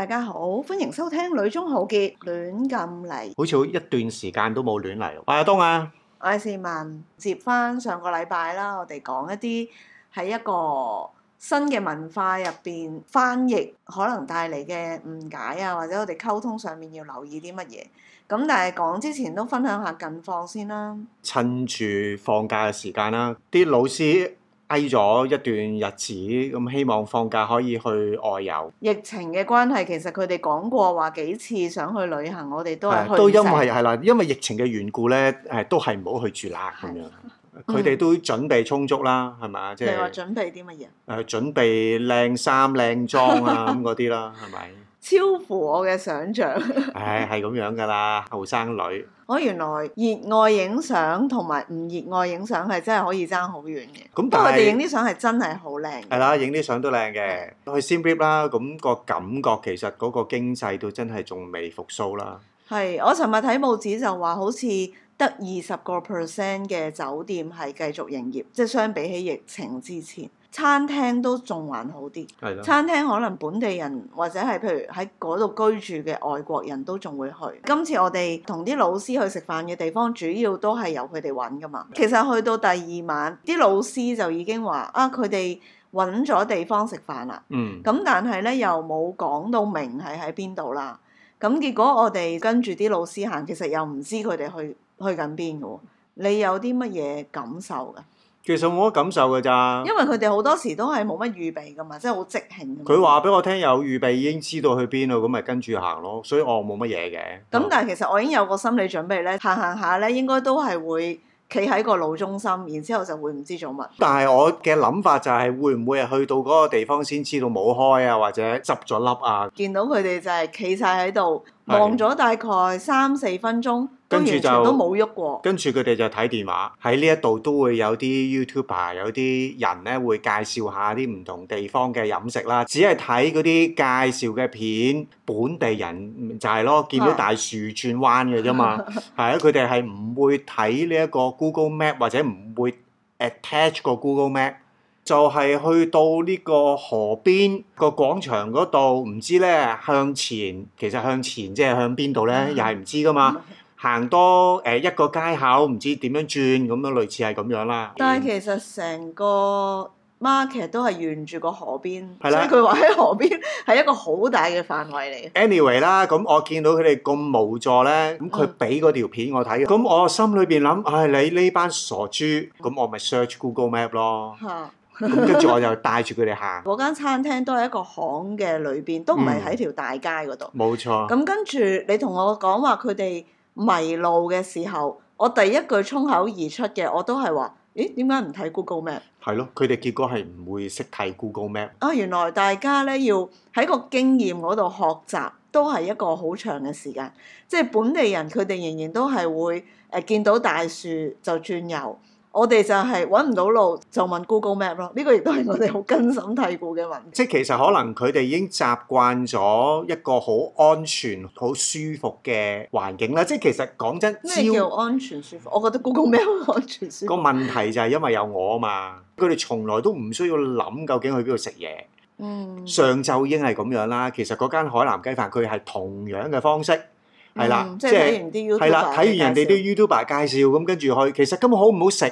大家好，歡迎收聽《女中豪傑》，亂咁嚟，好似好一段時間都冇亂嚟。我係阿東啊，我係善文，接翻上個禮拜啦，我哋講一啲喺一個新嘅文化入邊翻譯可能帶嚟嘅誤解啊，或者我哋溝通上面要留意啲乜嘢。咁但係講之前都分享下近況先啦。趁住放假嘅時間啦，啲老師。挨咗一段日子，咁希望放假可以去外遊。疫情嘅關係，其實佢哋講過話幾次想去旅行，我哋都都因為係啦，因為疫情嘅緣故咧，誒都係唔好去住啦咁樣。佢哋都準備充足啦，係咪啊？即係話準備啲乜嘢？誒，準備靚衫靚裝啊咁嗰啲啦，係咪？超乎我嘅想像。誒，係咁樣噶啦，後生女。我原來熱愛影相同埋唔熱愛影相係真係可以爭好遠嘅，不過佢哋影啲相係真係好靚。係啦，影啲相都靚嘅，去先 rip 啦。咁個感覺其實嗰個經濟都真係仲未復甦啦。係，我尋日睇報紙就話，好似得二十個 percent 嘅酒店係繼續營業，即係相比起疫情之前。餐廳都仲還，還好啲，的餐廳可能本地人或者係譬如喺嗰度居住嘅外國人都仲會去。今次我哋同啲老師去食飯嘅地方，主要都係由佢哋揾噶嘛。的其實去到第二晚，啲老師就已經話啊，佢哋揾咗地方食飯啦。咁、嗯、但係呢，又冇講到明係喺邊度啦。咁結果我哋跟住啲老師行，其實又唔知佢哋去去緊邊嘅喎。你有啲乜嘢感受嘅？其實冇乜感受噶咋，因為佢哋好多時都係冇乜預備噶嘛，即係好即興。佢話俾我聽有預備，已經知道去邊度，咁咪跟住行咯。所以我冇乜嘢嘅。咁、嗯、但係其實我已經有個心理準備咧，行行下咧，應該都係會企喺個路中心，然之後就會唔知做乜。但係我嘅諗法就係、是、會唔會係去到嗰個地方先知道冇開啊，或者執咗粒啊？見到佢哋就係企晒喺度。望咗大概三四分鐘，跟住就都冇喐過。跟住佢哋就睇電話，喺呢一度都會有啲 YouTuber，有啲人咧會介紹下啲唔同地方嘅飲食啦。只係睇嗰啲介紹嘅片，本地人就係咯，見到大樹轉彎嘅啫嘛。係啊， 佢哋係唔會睇呢一個 Google Map 或者唔會 attach 個 Google Map。就係去到呢個河邊個廣場嗰度，唔知咧向前，其實向前即係向邊度咧，又係唔知噶嘛。行多誒一個街口，唔知點樣轉咁樣，類似係咁樣啦。但係其實成個 market 都係沿住個河邊，係啦，所以佢話喺河邊係一個好大嘅範圍嚟。Anyway 啦，咁我見到佢哋咁無助咧，咁佢俾嗰條片我睇，咁我心裏邊諗，唉，你呢班傻豬，咁我咪 search Google Map 咯。 跟住我就帶住佢哋行。嗰間 餐廳都係一個巷嘅裏邊，都唔係喺條大街嗰度。冇錯、嗯。咁跟住你同我講話佢哋迷路嘅時候，我第一句衝口而出嘅，我都係話：，咦，點解唔睇 Google Map？係咯，佢哋結果係唔會識睇 Google Map。啊、哦，原來大家咧要喺個經驗嗰度學習，都係一個好長嘅時間。即係本地人，佢哋仍然都係會誒、呃、見到大樹就轉右。我哋就係揾唔到路就問 Google Map 咯，呢、這個亦都係我哋好根深蒂固嘅問題。 即係其實可能佢哋已經習慣咗一個好安全、好舒服嘅環境啦。即係其實講真，咩叫安全舒服？我覺得 Google Map 好安全舒服。個 問題就係因為有我啊嘛，佢哋從來都唔需要諗究竟去邊度食嘢。嗯，上晝已經係咁樣啦。其實嗰間海南雞飯佢係同樣嘅方式。係啦，即係係啦，睇完人哋啲 YouTuber 介紹咁，跟住去，其實根本好唔好食，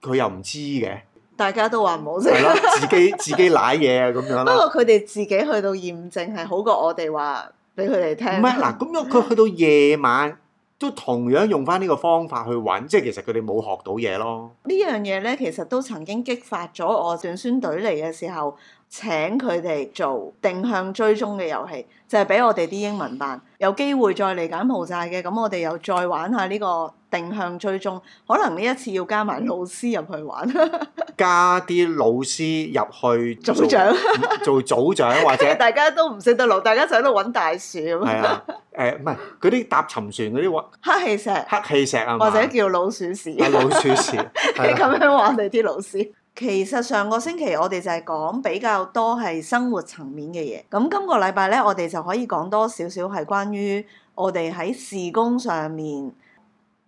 佢又唔知嘅。大家都話唔好食，自己自己舐嘢啊咁樣啦。不過佢哋自己去到驗證係好過我哋話俾佢哋聽。唔係嗱，咁樣佢去到夜晚都同樣用翻呢個方法去揾，即係其實佢哋冇學到嘢咯。呢樣嘢咧，其實都曾經激發咗我短宣隊嚟嘅時候。請佢哋做定向追蹤嘅遊戲，就係、是、俾我哋啲英文班有機會再嚟柬埔寨嘅。咁我哋又再玩下呢個定向追蹤，可能呢一次要加埋老師入去玩， 加啲老師入去組長 做組長或者 大家都唔識得路，大家就喺度揾大樹。係 啊，誒唔係嗰啲搭沉船嗰啲 黑氣石，黑氣石啊，或者叫老鼠屎，啊、老鼠屎。你咁、 啊、 樣玩你啲老師？ 其實上個星期我哋就係講比較多係生活層面嘅嘢，咁今個禮拜咧，我哋就可以講多少少係關於我哋喺事工上面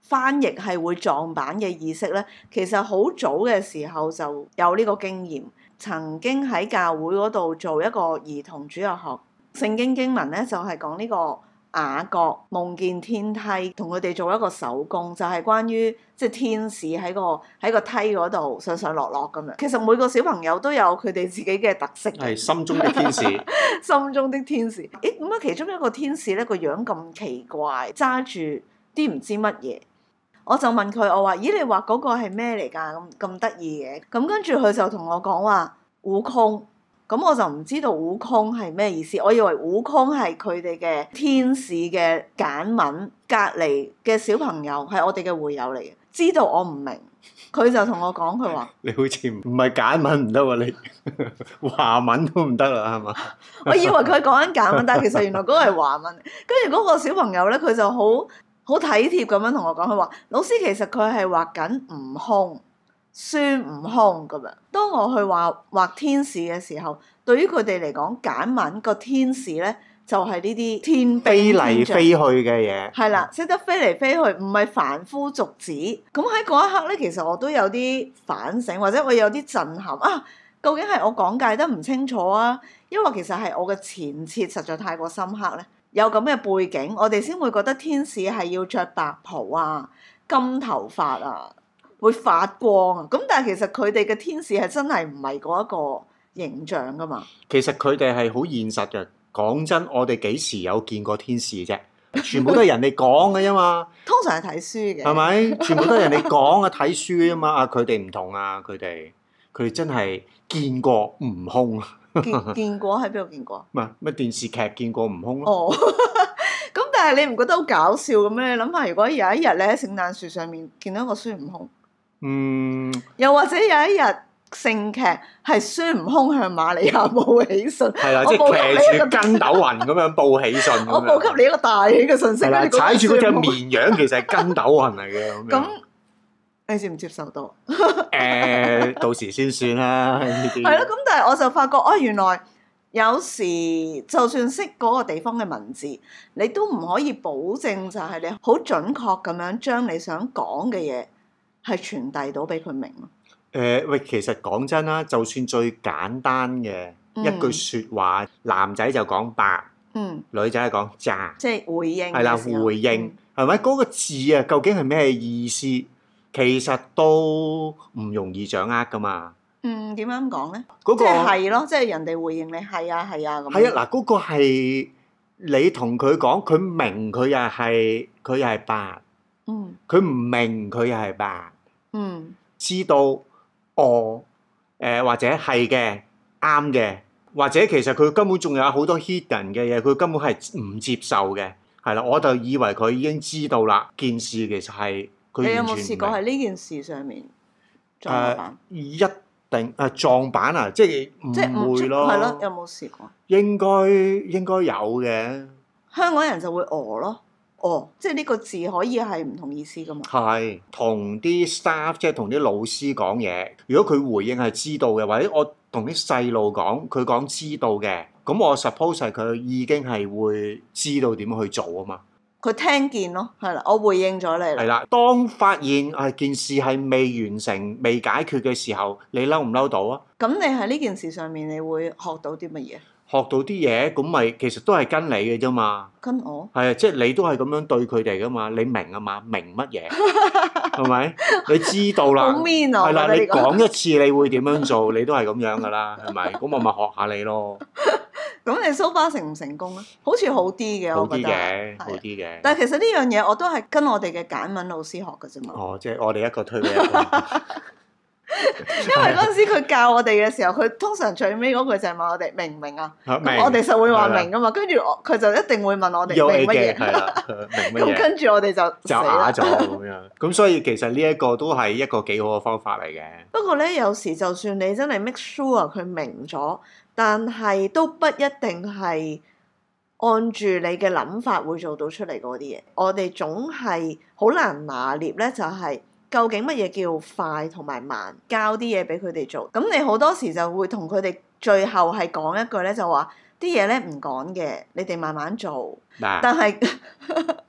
翻譯係會撞板嘅意識咧。其實好早嘅時候就有呢個經驗，曾經喺教會嗰度做一個兒童主日學聖經經文咧，就係講呢個。雅各夢見天梯，同佢哋做一個手工，就係關於即係天使喺個喺個梯嗰度上上落落咁樣。其實每個小朋友都有佢哋自己嘅特色。係心中的天使，心中的天使。誒咁啊，其中一個天使咧，個樣咁奇怪，揸住啲唔知乜嘢。我就問佢，我話：咦，你畫嗰個係咩嚟㗎？咁咁得意嘅。咁跟住佢就同我講話：悟空。咁我就唔知道悟空係咩意思，我以為悟空係佢哋嘅天使嘅簡文，隔離嘅小朋友係我哋嘅會友嚟嘅，知道我唔明，佢就同我講佢話：你好似唔係簡文唔得喎，你 華文都唔得啦，係嘛？ 我以為佢講緊簡文，但係其實原來嗰個係華文。跟住嗰個小朋友咧，佢就好好體貼咁樣同我講，佢話：老師其實佢係畫緊悟空。孫悟空咁樣，當我去畫畫天使嘅時候，對於佢哋嚟講，簡文個天使咧就係呢啲天，天飛嚟飛去嘅嘢。係啦，識得飛嚟飛去，唔係凡夫俗子。咁喺嗰一刻咧，其實我都有啲反省，或者我有啲震撼啊。究竟係我講解得唔清楚啊？因為其實係我嘅前設實在太過深刻咧。有咁嘅背景，我哋先會覺得天使係要着白袍啊，金頭髮啊。會發光啊！咁但係其實佢哋嘅天使係真係唔係嗰一個形象噶嘛？其實佢哋係好現實嘅。講真，我哋幾時有見過天使啫？全部都係人哋講嘅啫嘛。 通常係睇書嘅，係咪？全部都係人哋講啊，睇 書啊嘛。啊，佢哋唔同啊，佢哋佢真係見過悟空。 見見過，喺邊度見過啊？唔係咩電視劇見過悟空咯，啊？哦，咁 但係你唔覺得好搞笑咁咩？你諗下，如果有一日你喺聖誕樹上面見到一個孫悟空？嗯，又或者有一日，聖劇係孫悟空向馬利亞報喜訊，係啦 的，即係騎住筋斗雲咁樣報喜訊，我報給你一個大喜嘅訊息，係啦 的，嗯、踩住嗰隻綿羊，其實係筋斗雲嚟嘅咁樣。咁， 你接唔接受到？誒， 到時先算啦。呢啲係咯，咁但係我就發覺，哦、哎，原來有時就算識嗰個地方嘅文字，你都唔可以保證就係你好準確咁樣將你想講嘅嘢。係傳遞到俾佢明咯。誒，喂，其實講真啦，就算最簡單嘅一句說話，男仔就講白，嗯，女仔係講渣，即係回應，係啦，回應係咪嗰個字啊？究竟係咩意思？其實都唔容易掌握噶嘛。嗯，點樣講咧？嗰個係咯，即係人哋回應你係啊係啊咁。係啊嗱，嗰個係你同佢講，佢明，佢又係，佢又係白，嗯，佢唔明，佢又係白。嗯，知道我誒、哦呃、或者係嘅，啱嘅，或者其實佢根本仲有好多 hidden 嘅嘢，佢根本係唔接受嘅，係啦，我就以為佢已經知道啦。件事其實係，佢有冇試過喺呢件事上面撞板？啊、一定啊撞板啊，即係唔會咯，係咯，有冇試過？應該應該有嘅，香港人就會餓咯。哦，即係呢個字可以係唔同意思㗎嘛？係同啲 staff 即係同啲老師講嘢，如果佢回應係知道嘅，或者我同啲細路講，佢講知道嘅，咁我 suppose 佢已經係會知道點去做吖嘛。佢聽見咯，係啦，我回應咗你啦。係啦，當發現係、啊、件事係未完成、未解決嘅時候，你嬲唔嬲到啊？咁你喺呢件事上面，你會學到啲乜嘢？學到啲嘢，咁咪其實都係跟你嘅啫嘛。跟我。係啊，即係你都係咁樣對佢哋噶嘛，你明啊嘛，明乜嘢？係咪？ 你知道啦。講面的我、這個。係啦，你講一次你會點樣做，你都係咁樣噶啦，係咪？咁我咪學下你咯。咁、 嗯、你 so far 成唔成功啊？好似好啲嘅，我覺得。好啲嘅，好啲嘅。但係其實呢樣嘢，我都係跟我哋嘅簡文老師學嘅啫嘛。哦，即係我哋一個推俾一個。 因為嗰陣時佢教我哋嘅時候，佢 通常最尾嗰句就係問我哋明唔明啊？明白我哋就會話明噶嘛，跟住我佢就一定會問我哋明乜嘢。係 啦，明，咁跟住我哋就就嘟咗咁樣。咁 所以其實呢一個都係一個幾好嘅方法嚟嘅。 不過咧，有時就算你真係 make sure 佢明咗，但係都不一定係按住你嘅諗法會做到出嚟嗰啲嘢。我哋總係好難拿捏咧，就係、是。究竟乜嘢叫快同埋慢？交啲嘢俾佢哋做，咁你好多時就會同佢哋最後係講一句咧，就話啲嘢咧唔趕嘅，你哋慢慢做。那但係是。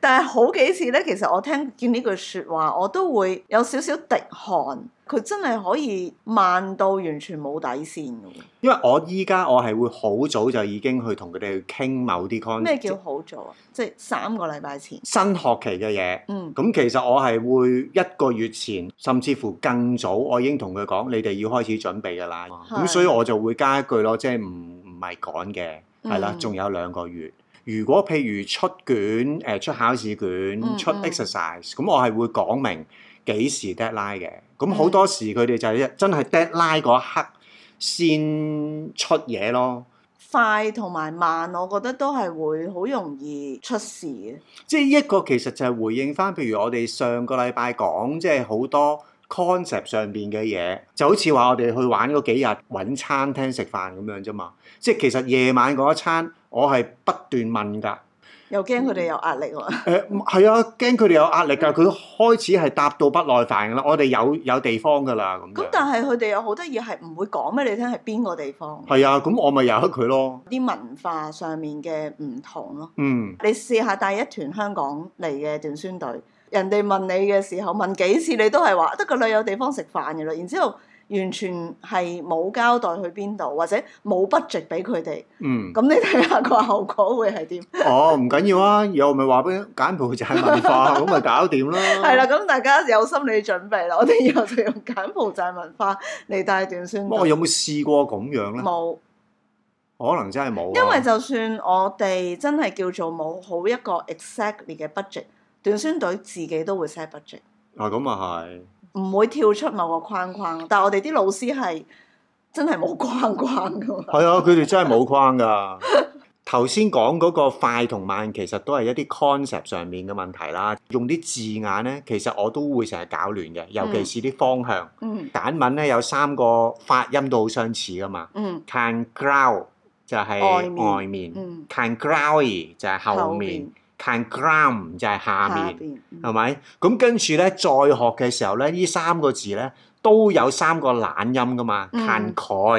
但係好幾次咧，其實我聽見呢句説話，我都會有少少滴汗。佢真係可以慢到完全冇底線嘅。因為我依家我係會好早就已經去同佢哋去傾某啲 content。咩叫好早啊？即係即三個禮拜前。新學期嘅嘢。嗯。咁其實我係會一個月前，甚至乎更早，我已經同佢講：你哋要開始準備㗎啦。咁、嗯、所以我就會加一句咯，即係唔唔係趕嘅，係啦、嗯，仲有兩個月。如果譬如出卷，誒、呃、出考試卷、嗯、出 exercise，咁、嗯、我係會講明幾時 deadline 嘅。咁好多時佢哋就係真係 deadline 嗰一刻先出嘢咯。嗯、快同埋慢，我覺得都係會好容易出事嘅。即係一個其實就係回應返，譬如我哋上個禮拜講，即係好多。Concept 上邊嘅嘢，就好似話我哋去玩嗰幾日揾餐廳食飯咁樣啫嘛，即係其實夜晚嗰一餐，我係不斷問㗎，又驚佢哋有壓力喎。誒，係啊，驚佢哋有壓力㗎、啊，佢開始係答到不耐煩㗎啦，我哋有有地方㗎啦咁。咁但係佢哋有好多嘢係唔會講俾你聽，係邊個地方？係啊，咁我咪由得佢咯。啲文化上面嘅唔同咯、啊，嗯，你試下帶一團香港嚟嘅短宣隊。人哋問你嘅時候問幾次，你都係話得個旅遊地方食飯嘅啦。然之後完全係冇交代去邊度，或者冇 budget 俾佢哋。嗯，咁你睇下個後果會係點？哦，唔緊要啊，以後咪話俾柬埔寨文化咁咪搞掂啦。係啦，咁大家有心理準備啦。我哋以後就用柬埔寨文化嚟帶段先。咁我有冇試過咁樣咧？冇，可能真係冇。因為就算我哋真係叫做冇好一個 exactly 嘅 budget。短宣隊自己都會 set budget，啊咁啊係，唔會跳出某個框框，但係我哋啲老師係真係冇框框㗎嘛，係啊，佢哋真係冇框㗎。頭先講嗰個快同慢，其實都係一啲 concept 上面嘅問題啦。用啲字眼咧，其實我都會成日搞亂嘅，尤其是啲方向。嗯、mm，hmm。柬文咧有三個發音都好相似㗎嘛。嗯，can grow 就係外面，can grow 就係後面。can ground 就係下面，係咪？咁、嗯、跟住咧，再學嘅時候咧，呢三個字咧都有三個懶音噶嘛。can go、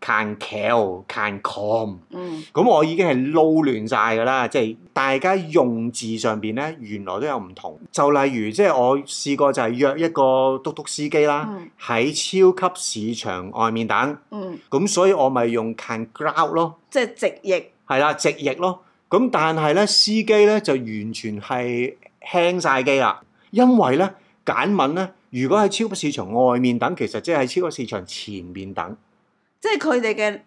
can call、can come。嗯。咁、嗯嗯、我已經係撈亂晒噶啦，即係、嗯、大家用字上面咧，原來都有唔同。就例如即係、就是、我試過就係約一個嘟嘟司機啦，喺、嗯、超級市場外面等。嗯。咁所以我咪用 can ground 咯。即係直譯。係啦的，直譯咯。咁但係咧，司機咧就完全係輕晒機啦，因為咧簡文咧，如果喺超級市場外面等，其實即係喺超級市場前面等，即係佢哋嘅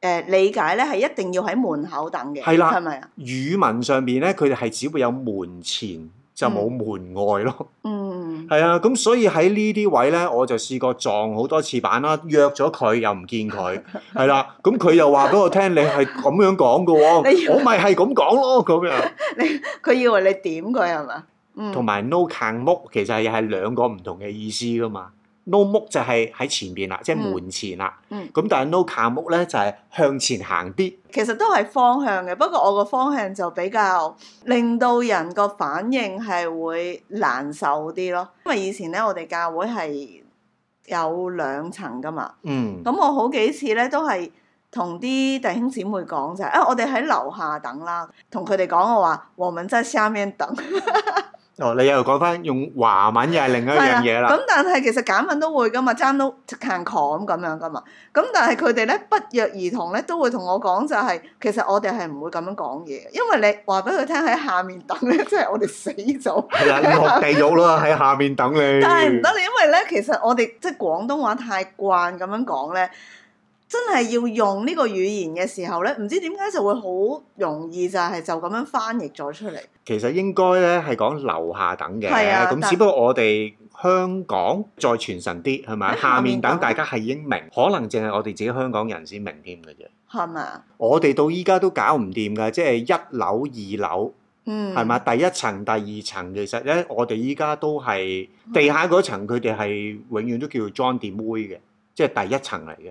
誒理解咧，係一定要喺門口等嘅，係啦的，係咪啊？語文上面咧，佢哋係只會有門前就冇門外咯。嗯。嗯係啊，咁所以喺呢啲位咧，我就試過撞好多次板啦，約咗佢又唔見佢，係啦， 咁佢又話俾我聽， 你係咁樣講嘅喎， 你以為我咪係咁講咯，咁樣。 你佢以為你點佢係、嗯 no、嘛？同埋 no can move 其實又係兩個唔同嘅意思㗎嘛。no 木就係喺前邊啦，即係門前啦。嗯，咁但係 no 卡木咧就係向前行啲。其實都係方向嘅，不過我個方向就比較令到人個反應係會難受啲咯。因為以前咧我哋教會係有兩層噶嘛。嗯。咁我好幾次咧都係同啲弟兄姊妹講就係，啊我哋喺樓下等啦。同佢哋講我話，我們在下面等。 哦，你又講翻用華文又係另一樣嘢啦。咁、啊、但係其實簡文都會噶嘛，爭到 can come 咁樣噶嘛。咁但係佢哋咧不約而同咧都會同我講就係、是，其實我哋係唔會咁樣講嘢，因為你話俾佢聽喺下面等咧，即、就、係、是、我哋死咗。係啊，你落地獄啦，喺 下面等你。但係唔得你，因為咧其實我哋即係廣東話太慣咁樣講咧。真係要用呢個語言嘅時候呢，唔知點解就會好容易就係就咁樣翻譯咗出嚟。其實應該呢係講樓下等嘅，咁只不過我哋香港再傳神啲，係咪？下面等大家係應明，可能淨係我哋自己香港人先明添嘅啫。係嘛？我哋到依家都搞唔掂㗎，即係一樓、二樓，嗯，係嘛？第一層、第二層，其實呢，我哋依家都係地下嗰層，佢哋係永遠都叫做 johnny 妹嘅，即係第一層嚟嘅。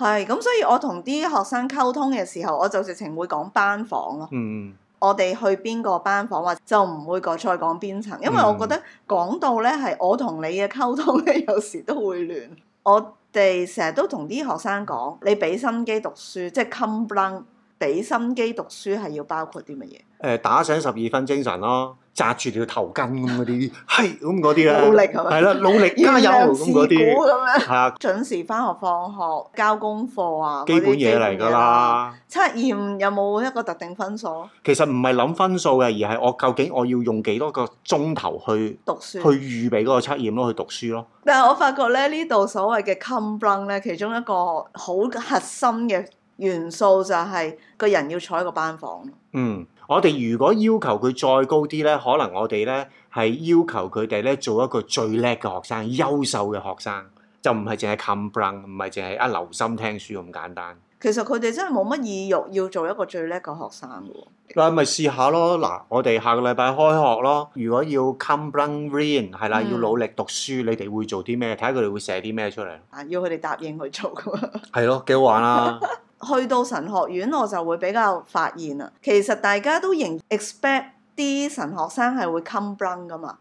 係，咁所以我同啲學生溝通嘅時候，我就直情會講班房咯。嗯、我哋去邊個班房，或就唔會講再講邊層，因為我覺得講到咧係我同你嘅溝通咧，有時都會亂。我哋成日都同啲學生講，你俾心機讀書，即係冚唪唥俾心機讀書，係要包括啲乜嘢？誒、呃，打醒十二分精神咯。紮住條頭巾咁嗰啲。係咁嗰啲啊。努力係啦，努力加油咁嗰啲。係啊，些 準時翻學放學交功課啊，基本嘢嚟㗎啦。測驗有冇一個特定分數？其實唔係諗分數嘅，而係我究竟我要用幾多個鐘頭去讀書，去預備嗰個測驗咯，去讀書咯。但係我發覺咧，呢度所謂嘅 complang 咧，其中一個好核心嘅元素就係個人要坐喺個班房。嗯。我哋如果要求佢再高啲咧，可能我哋咧係要求佢哋咧做一個最叻嘅學生、優秀嘅學生，就唔係淨係 c o m p l u n 唔係淨係啊留心聽書咁簡單。其實佢哋真係冇乜意欲要做一個最叻嘅學生嘅。嗱，咪試下咯。嗱，我哋下個禮拜開學咯。如果要 c o m p l u n read，係啦，嗯、要努力讀書。你哋會做啲咩？睇下佢哋會寫啲咩出嚟。啊，要佢哋答應去做嘅嘛。係咯， 幾好玩啦！ 去到神學院，我就會比較發現啦。其實大家都仍 expect 啲神學生係會 come run 㗎嘛。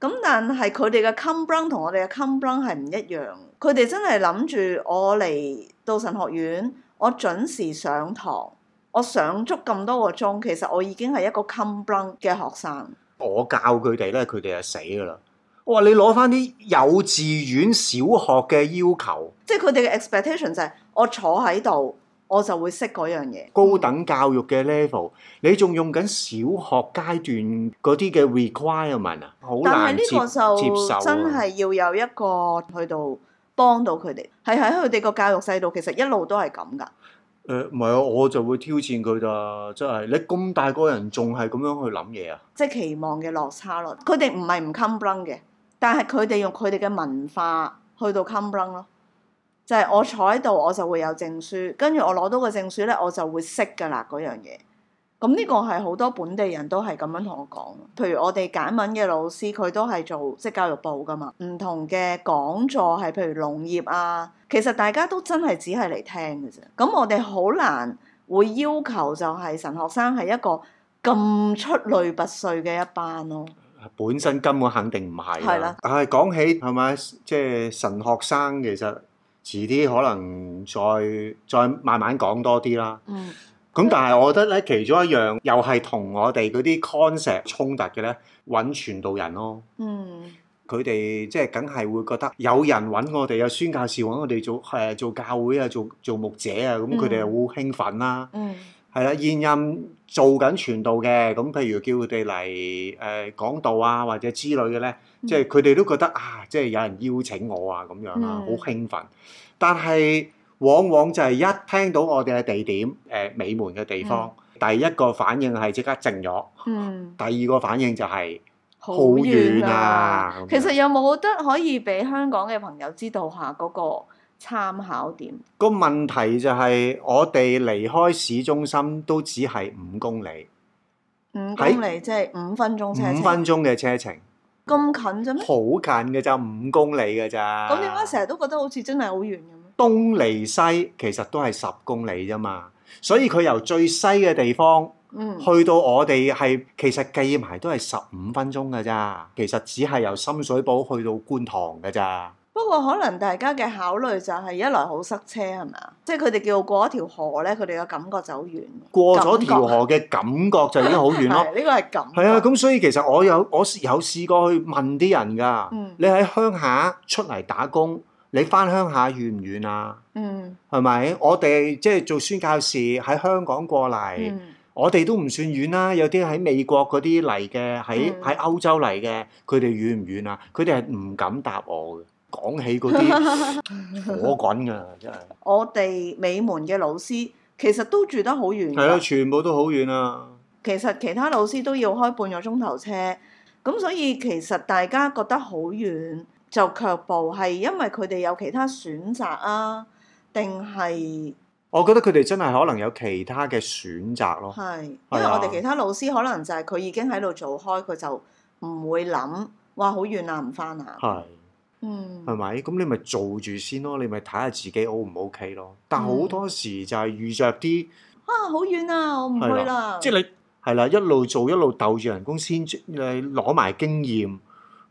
咁但係佢哋嘅 come run 同我哋嘅 come run 係唔一樣。佢哋真係諗住我嚟到神學院，我準時上堂，我上足咁多個鐘，其實我已經係一個 come run 嘅學生。我教佢哋咧，佢哋就死㗎喇。我話你攞返啲幼稚園、小學嘅要求，即係佢哋嘅 expectation 就係我坐喺度。我就會識嗰樣嘢。高等教育嘅 level，、嗯、你仲用緊小學階段嗰啲嘅 requirement 啊，好難接，但呢個就接受。真係要有一個去到幫到佢哋，係喺佢哋個教育制度，其實一路都係咁噶。誒、呃，唔係啊，我就會挑戰佢咋，真係你咁大個人仲係咁樣去諗嘢啊！即係期望嘅落差咯。佢哋唔係唔 come run g 嘅，但係佢哋用佢哋嘅文化去到 come run g 咯。就係我坐喺度，我就會有證書，跟住我攞到個證書咧，我就會識㗎啦嗰樣嘢。咁呢、嗯這個係好多本地人都係咁樣同我講。譬如我哋簡文嘅老師，佢都係做即係教育部㗎嘛。唔同嘅講座係譬如農業啊，其實大家都真係只係嚟聽嘅啫。咁、嗯、我哋好難會要求就係神學生係一個咁出類拔萃嘅一班咯。本身根本肯定唔係啊！係講啦、啊、起係咪即係神學生其實？遲啲可能再再慢慢講多啲啦。咁、嗯嗯、但係我覺得咧，其中一樣又係同我哋嗰啲 concept 衝突嘅咧，揾傳道人咯。佢哋即係梗係會覺得有人揾我哋，有宣教士揾我哋做誒、啊、做教會啊，做做牧者啊，咁佢哋好會興奮啦。嗯嗯係啦，現任做緊傳道嘅，咁譬如叫佢哋嚟誒講道啊，或者之類嘅咧，即係佢哋都覺得啊，即係有人邀請我啊咁樣啊，好興奮。但係往往就係一聽到我哋嘅地點，誒美門嘅地方，第一個反應係即刻靜咗，嗯，第二個反應就係好遠啊。其實有冇得可以俾香港嘅朋友知道下嗰個？參考點個問題就係我哋離開市中心都只係五公里，五公里即係五分鐘車程，五分鐘嘅車程咁近啫？好近嘅，就五公里㗎咋？咁點解成日都覺得好似真係好遠咁？東離西其實都係十公里啫嘛，所以佢由最西嘅地方，嗯，去到我哋係其實計埋都係十五分鐘㗎咋，其實只係由深水埗去到觀塘㗎咋。不過可能大家嘅考慮就係一來好塞車係咪啊？即係佢哋叫過一條河咧，佢哋嘅感覺就好遠。過咗條河嘅感覺就已經好遠咯。呢個係咁。係啊，咁所以其實我有我有試過去問啲人㗎。嗯、你喺鄉下出嚟打工，你返鄉下遠唔遠啊？嗯。係咪？我哋即係做宣教士喺香港過嚟，嗯、我哋都唔算遠啦。有啲喺美國嗰啲嚟嘅，喺喺歐洲嚟嘅，佢哋遠唔遠啊？佢哋係唔敢答我嘅。講起嗰啲我滾噶，真係 我哋美門嘅老師其實都住得好遠。係啊，全部都好遠啊！其實其他老師都要開半個鐘頭車，咁所以其實大家覺得好遠就卻步，係因為佢哋有其他選擇啊，定係我覺得佢哋真係可能有其他嘅選擇咯。係，因為我哋其他老師、哎、呀可能就係佢已經喺度做開，佢就唔會諗話好遠啊，唔返啊。係。嗯，係咪、嗯？咁你咪做住先咯，你咪睇下自己 O 唔 O K 咯。但好多時就係遇着啲、嗯、啊，好遠啊，我唔去啦。即、就、係、是、你係啦，一路做一路鬥住人工先，先你攞埋經驗。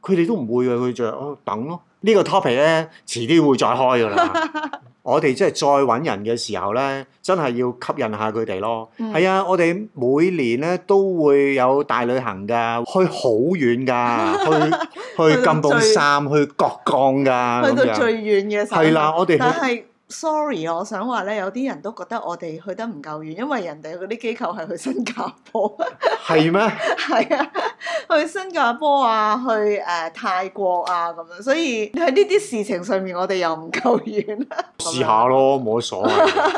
佢哋都唔會嘅，佢就哦等咯。個呢個 topic 呢，遲啲會再開噶啦。 我哋即係再揾人嘅時候呢，真係要吸引下佢哋咯。係啊， 我哋每年呢都會有大旅行㗎，去好遠㗎，去去金寶山、去各降㗎 去到最遠嘅時候。係啦，我哋去。但 Sorry，我想話咧，有啲人都覺得我哋去得唔夠遠，因為人哋嗰啲機構係去新加坡，係咩嗎？係 啊，去新加坡啊，去誒、呃、泰國啊咁樣，所以喺呢啲事情上面，我哋又唔夠遠啦。試下咯，冇乜所謂。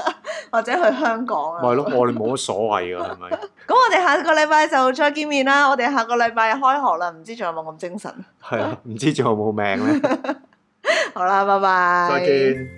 或者去香港啊？係咯， 我哋冇乜所謂㗎，係咪？咁 我哋下個禮拜就再見面啦。我哋下個禮拜開學啦，唔知仲有冇咁精神？係 啊，唔知仲有冇命咧。 好啦，拜拜。再見。